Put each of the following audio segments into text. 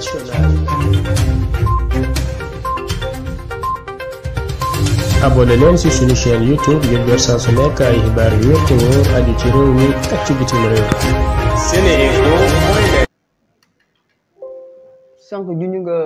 internationale. abonné leen ci suñu chaîne youtube ngir jot saa su nekk ay xibaar yu wér te wóor aju ci réew mi ak ci bitim réew. sànq juñu nga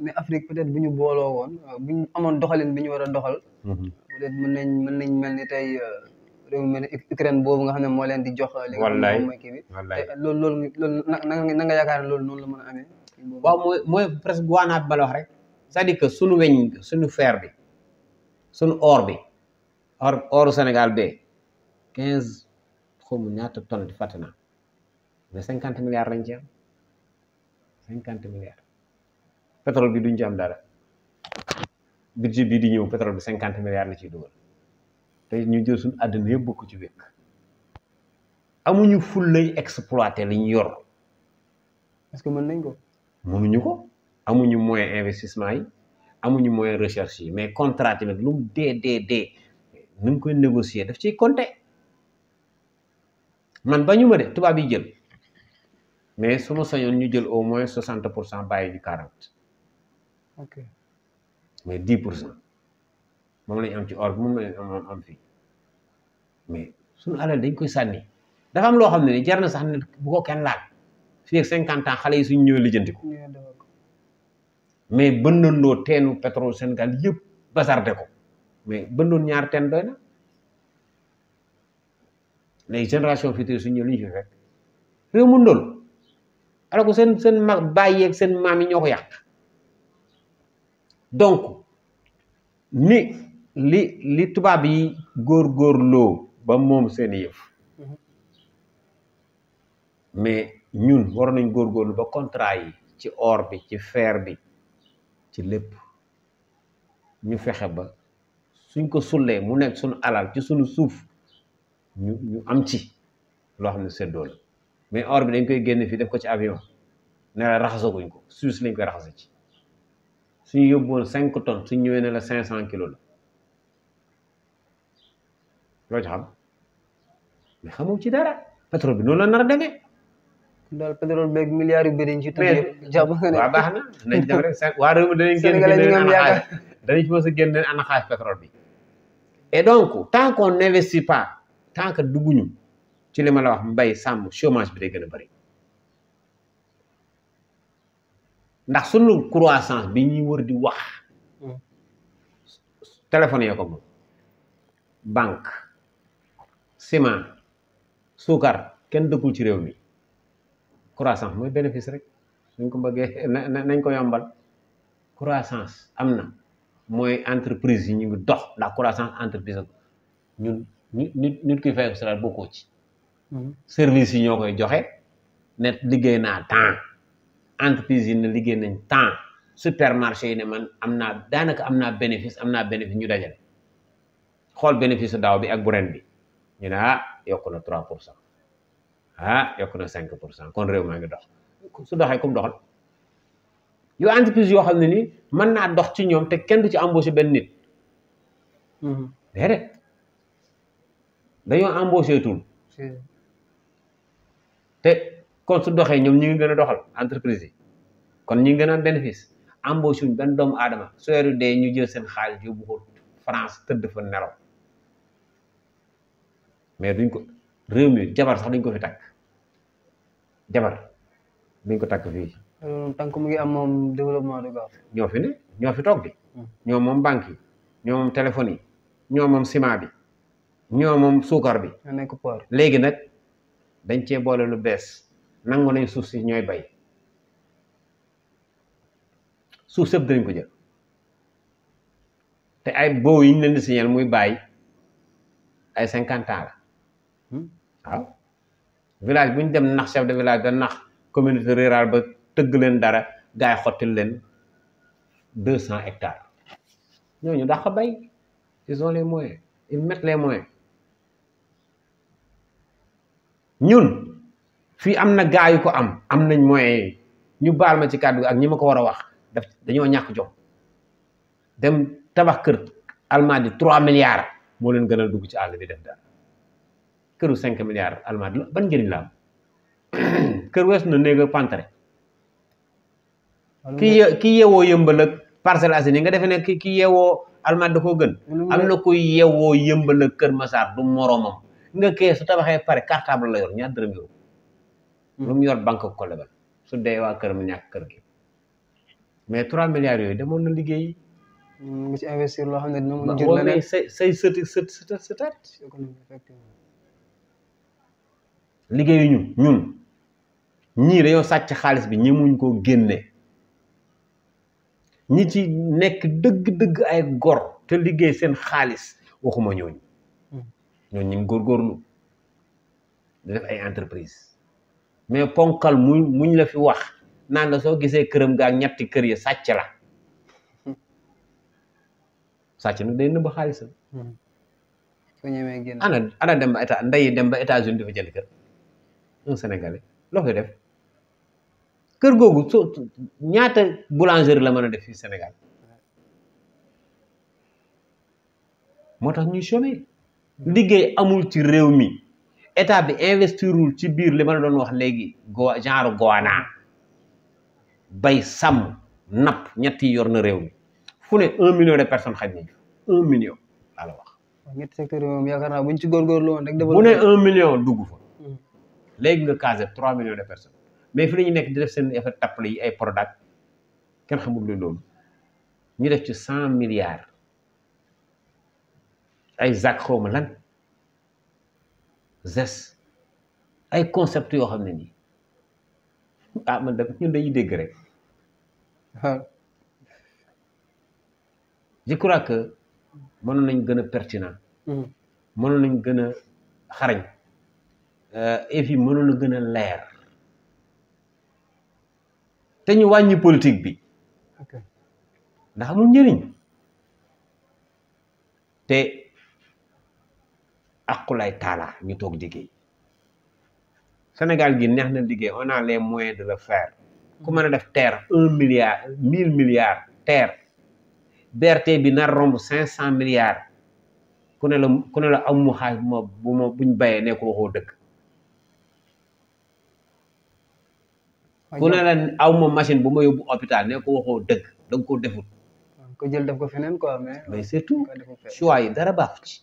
ne Afrique peut bu ñu booloo woon bu ñu amoon doxalin bi ñu wara a doxal. Mhm. peut-être mën nañ mën nañ mel ni tey. Euh, réew mi ne Ukraine boobu nga xam ne moo leen di jox. wallaay li nga xam ne moom mooy kii bi te na nga yaakaar ne loolu noonu la mën a amee. waaw mooy mooy presque guanaat ba la wax rek cest di dire que suñu weñ suñu feer bi suñu or bi or oru Sénégal bi quinze xaw ñaata tonne di fàtte naa mais cinquante milliards lañ ci am cinquante milliards pétrole bi duñ ci am dara bii di ñëw pétrole bi cinquante milliards la ciy dugal te ñu jël suñu àddina yëpp bokk ci wékk amuñu ful lay exploité li ñu yor parce que mën nañ ko mënuñu ko amuñu moyen investissement yi amuñu moyen recherche mais contrat tamit lu mu dee dee dee nu ñu koy négocier daf ciy compter man ba ñu de tubaab yi jël mais su ma sañoon ñu jël au moins soixante pour cent bàyyi ñu quarante ok mais dix pour cent moom lañu am ci or moom lañu am fii mais suñu alal dañ koy sànni dafa am loo xam ne ni jar na sax ne bu kenn laal fii ak cinquante ans xale yi suñ ñëwee lijjanti ko mais bëndandoo teenu pétrole Sénégal yëpp bazardé ko mais bëndoon ñaar teen doy na les générations futures suñ ñëwee lu ñu fi fekk réew mu ndóol alors que seen seen mag seen maam yi ñoo ko yàq donc ni li li tubaab yi góor-góorloo ba moom seen yëf mhm. mais ñun war nañ góorgóorlu ba contrat yi ci or bi ci feer bi ci lépp ñu fexe ba suñ ko sulee mu nekk suñu alal ci suñu suuf ñu ñu am ci loo xam ne seddoo la mais or bi dañ koy génn fii def ko ci avion ne la raxasaguñ ko suus lañ koy raxasa ci suñu yóbboon cinq tonnes suñ ñu ne la cinq cent kilos la loo ci xam mais xamoo ci dara pétrole bi noonu la nar a daal pétrole beeg milliards yu bëri ñu ci tuddee. ne baax na nañ dem rek waa réew mi danañ génn génn xaalis danañ ci mos a génn ana xaalis pétrole bi. et donc tant qu'on n'investit pas tant que dugguñu ci li ma la wax mbay sàmm chômage bi day gën a bëri ndax sunu croissance bi ñuy wër di wax téléphone yoo ko moom suukar kenn dëkkul ci réew mi. croissance mooy bénéfice rek suñ ko bëggee nañ ko yombal croissance am na mooy entreprise yi ñu ngi dox ndax croissance entreprise ak ñun nit koy kuy fay salaire bokkoo ci mhm. service yi ñoo koy joxe ne liggéey naa temps entreprise yi na liggéey nañ temps supermarché yi ne man am naa daanaka am naa bénéfice am naa bénéfice ñu dajale xool bénéfice daaw bi ak bu ren bi ñu ne ah yokk na trois pour cent ah yokk na 5 pour cent kon réew maa ngi dox su doxee comme doxal yow entreprise yoo xam ne nii mën naa dox ci ñoom te kenn du ci embauché benn nit. Mm-hmm. déedéet dañoo embauché tul te kon su doxee ñoom ñi ngi doxal entreprise yi kon ñi ngi bénéfice embauché wuñ benn doomu aadama su weeru dee ñu jël seen xaalis bu ko France tëdd fa nelaw mais duñ ko. réew mi jabar sax dañ ko fi takk jabar duñ ko takk fii. Euh, tànk mu ngi am moom développement du gaaw. ñoo fi ne ñoo fi toog bi hmm. ñoo moom banque yi ñoo moom téléphone yi ñoo moom ciment bi ñoo moom suukar bi. nekk poor léegi nag dañ cee boole lu bees nangu nañ suuf si ñooy bay suuf sëpp dinañ ko jël te ay boobu yi ñu leen di muy bàyyi ay cinquante ans la. waaw village bu ñu dem nax chef de village da nax communauté rurale ba tëgg leen dara gars yi leen deux cent hectares ñooñu dax a bay ils ont les moyens ils mettent les moyens ñun fii am na gars ko am am nañ moyen yi ñu baal ma ci kàddu ak ñi ma ko war a wax daf dañoo ñàkk jom dem tabax kër almaadi trois milliards moo leen gën a dugg ci àll bi def dara këru 5 milliards almaadi la ban kër weesu na néeg ak pantere ki ki yeewoo yëmbal ak Parcelles nga defee ne ki ki yeewoo almaadi da koo gën am na ku yeewoo yëmbal Kër Massar du moroomam nga kee su tabaxee pare cartable la yor ñaar dërëm yoru lu yor banque ko lebal su dee kër mu ñàkk kër gi mais 3 milliards yooyu demoon na liggéey mu mm, ci investir loo xam liggéeyuñu ñun ñii dañoo sàcc xaalis bi ñi muñ koo génnee ñi ci nekk dëgg-dëgg ay gor te liggéey seen xaalis waxuma ñooñ ñooñu ñu ngi góorgóorlu di def ay entreprise mais ponkal mu muñ la fi wax naan la soo gisee këram gaa ñetti kër yi sàcc la sàcc nag day nëbb xaalisam. Hmm. su ñemee génn ana ana dem ba état ndeyi dem ba États-Unis dafa jënd kër. un sénégalais loo koy def kër googu ñaata boulangerie la mën a def fii Sénégal moo tax ñuy chômer liggéey amul ci réew mi état bi investirul ci biir li ma la doon wax léegi go genre goana bay sam napp ñetti yor na réew mi fu ne un million de personnes xaj nañu un million laa la wax. ñetti secteurs yooyu moom yaakaar naa bu ci góorgóorlu woon rek. bu dugg fa. léegi nga casé 3 millions de personnes mais fi la ñu nekk di def seen effet tappale yi ay Prodac kenn xamul lu loolu ñu def ci cent milliards ay ZAC xawma lan ZES ay concept yoo xam ne nii ah man da ñun dañuy dégg ah. je crois que mënoon nañ gën a pertinent hmm. mënoon nañ gën a xarañ fi euh, mënoon a gën a leer te ñu wàññi politik bi ndax amul njëriñ te aqulay taala ñu toog liggéey Sénégal gi neex na liggéey on a les moyens de le faire ku mën a def terre un milliard mille milliards terre BRT bi nar romb cinq cent milliards ku ne la amu xaalis bu ma buñ bayee nekkul waxoo dëkk ku ne la aw ma machine bu ma yóbbu hôpital ne ko waxoo dëgg da nga koo deful. ko jël def ko feneen quoi mais. mais surtout choix yi dara baaxu ci.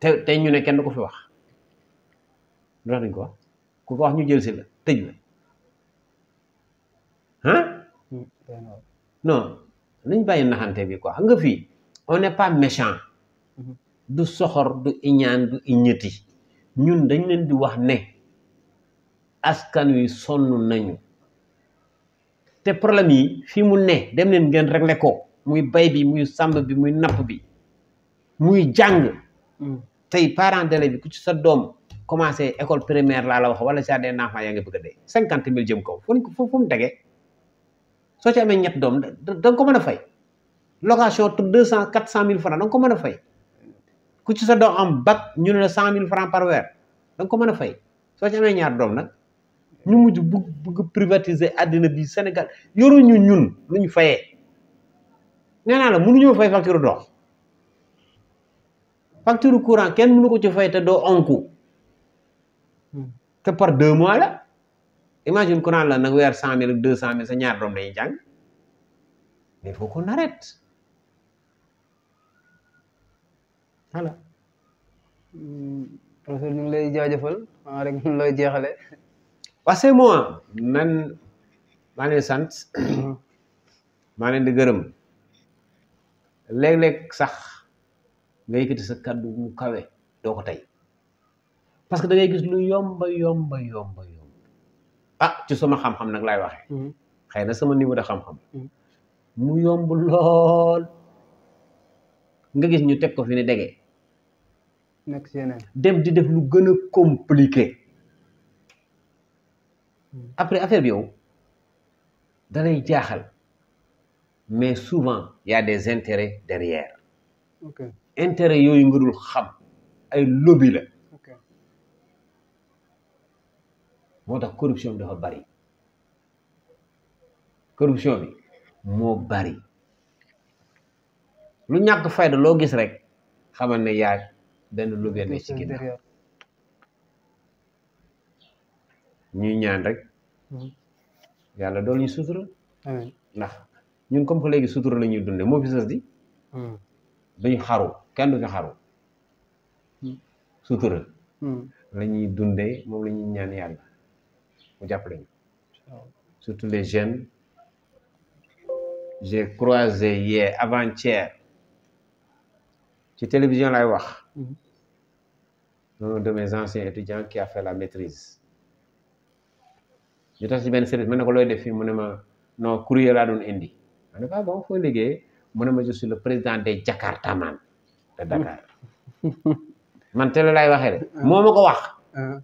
te te ñu ne kenn du ko fi wax. lu tax nañ ko wax ñu jël si tëj la ah. non nañ bàyyi naxante bi quoi xam nga fii on n'est pas méchant. Hmm. du soxor du iñaan du iñati ñun dañ leen di wax ne. askan wi sonn nañu te problème yi fii mu ne dem leen ngeen régler ko muy bay bi muy sàmb bi muy napp bi muy jàng mm. tey parent d'élève bi ku ci sa doom commencé école primaire laa la wax wala jardin d'enfant yaa ngi bëgg a dee cinquante mille jëm kaw fon fu mu degee soo ci amee ñett doom da ko mën a fay location deux cent quatre cent mille francs da nga ko mën a fay ku ci sa doom am bac ñu ne la cent mille francs par weer da ko mën a fay soo ci amee ñaar doom nag ñu mujj bugg bugg privatiser àddina bi Sénégal yoruñu ñun lu ñu fayee nee naa la mënuñoo fay facture ndox facture courant kenn mënu ko ci fay te doo onku te par deux mois la imagine courant la nag weer cent mille ak cent mille sa ñaar doom dañuy jàng mais il faut qu'on arrête voilà professeur ñu lay jaajëfal xanaa rek ñu jeexale passez-moi nan maa leen sant maa leen di gërëm léeg-léeg sax nga yëkkati sa kàddu mu kawe doo ko tey parce que da gis lu yomba yomba yomba yomb ah ci sama xam-xam nag laay waxee hmm. xëy na sama niveau de xam-xam hmm. mu yomb lool nga gis ñu teg ko fi ne degee dem di def lu gën a compliqué après affaire bi yow dalay jaaxal mais souvent yaa des intérêts derrière okay. intérêt yooyu nga dul xam ay lobila moo tax corruption bi dafa bari corruption bi moo bari lu ñàkk fayda loo gis rek xamal ne yaa benn lobi ne ci ginnaaw ñuy ñaan rek Mhm. yàlla dool ñu sutura. ndax ñun comme que léegi sutura la ñuy dundee moo fi sës di. Mhm. duñu xaru kenn du fi mhm. moom la ñuy ñaan yàlla mu jàppale ñu. surtout les jeunes. j'ai croisé hier avant-hier ci télévision lay wax. un de mes anciens étudiants qui a fait la maîtrise. ñu tax si benn service man ne ko looy def fii mu ne ma non courrier laa doon indi ma ne ko ah foo liggéey mun na ma je suis le président des Jakarta de Dakar man teel laay waxee de ah. moo ma ko wax ah.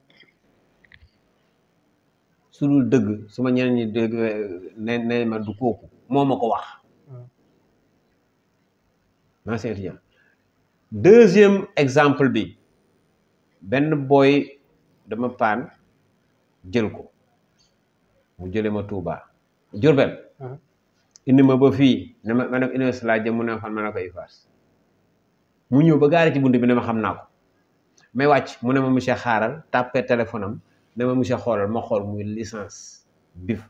su dul dëgg su ma ñeneen ñi ne ne ma du kooku moo ma ko wax ancien étudiant deuxième exemple bi benn booy dama paan jël ko mu jëlee ma Touba Diourbel uh-huh. indi ma ba fii ne ma ma ne ko université laa jëm mu ne ma ne ko IFAS mu ñëw ba gaari ci bunt bi ne ma xam naa ko may wàcc mu ne ma monsieur xaaral tàppe téléphone am ne ma monsieur xoolal ma xool muy licence BIF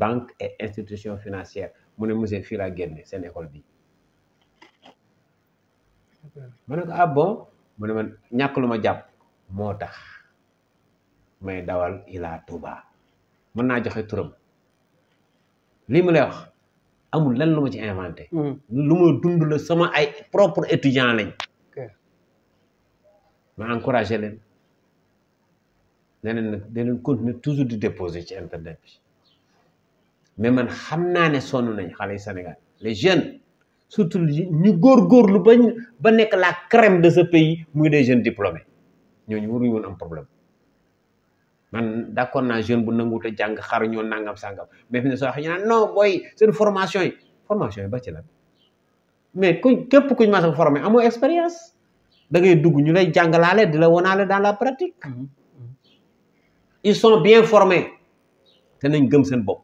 banque et institution financière mu ne monsieur fii laa génne seen école bi ma ne ko ah mu ne ma ñàkk lu ma jàpp moo tax may dawal ilaa tuubaa mën naa joxe turam lii ma lay wax amul lan lu ma ci inventé. Hmm. lu ma dund la sama ay propre étudiant lañ. ma encouragé leen. leneen nag da leen continuer toujours di déposer ci internet bi mais man xam naa ne sonn nañ xale yi Sénégal les jeunes surtout ñu góorgóorlu ba ba nekk la crème de ce pays muy des jeunes diplômés ñooñu waruñu woon am problème. man d'accord naa jeune bu nanguwut a jàng xaruñoo nangam sangam mais fi ne soo waxee ñu naan non seen formation yi formation yi ba ci la mais kuñ képp kuñ ma a formé amoo expérience da ngay dugg ñu lay jàngalaale di la wonaale dans la pratique. Mm-hmm. Mm-hmm. ils son bien formés te nañ gëm seen bopp.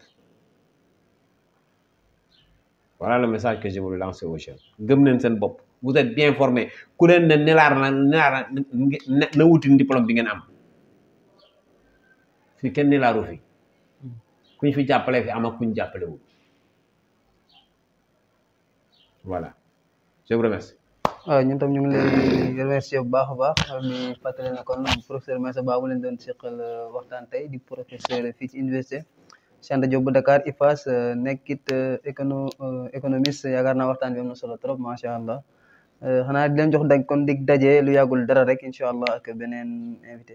voilà le message que je voulais lancer aux gëm nañ seen bopp vous êtes bien formés ku leen ne nelaar na nelaar na na wuti diplôme bi ngeen am. fii kenn ni laaru fi kuñ fi jàppale fi am ak kuñ jàppale wul voilà je vous remercie. waaw ñun tam ñu ngi lay remercier bu baax a baax mi fàttali na kon professeur Meissa Ba mu leen doon seqal euh, waxtaan tey di professeur fii ci université Cheikh Anta bu Dakar IPAS euh, nekkit euh, écono économiste yaakaar naa waxtaan bi am na solo trop macha allah xanaa di leen jox dañ kon dig daje lu yàggul dara rek incha allah ak beneen invité.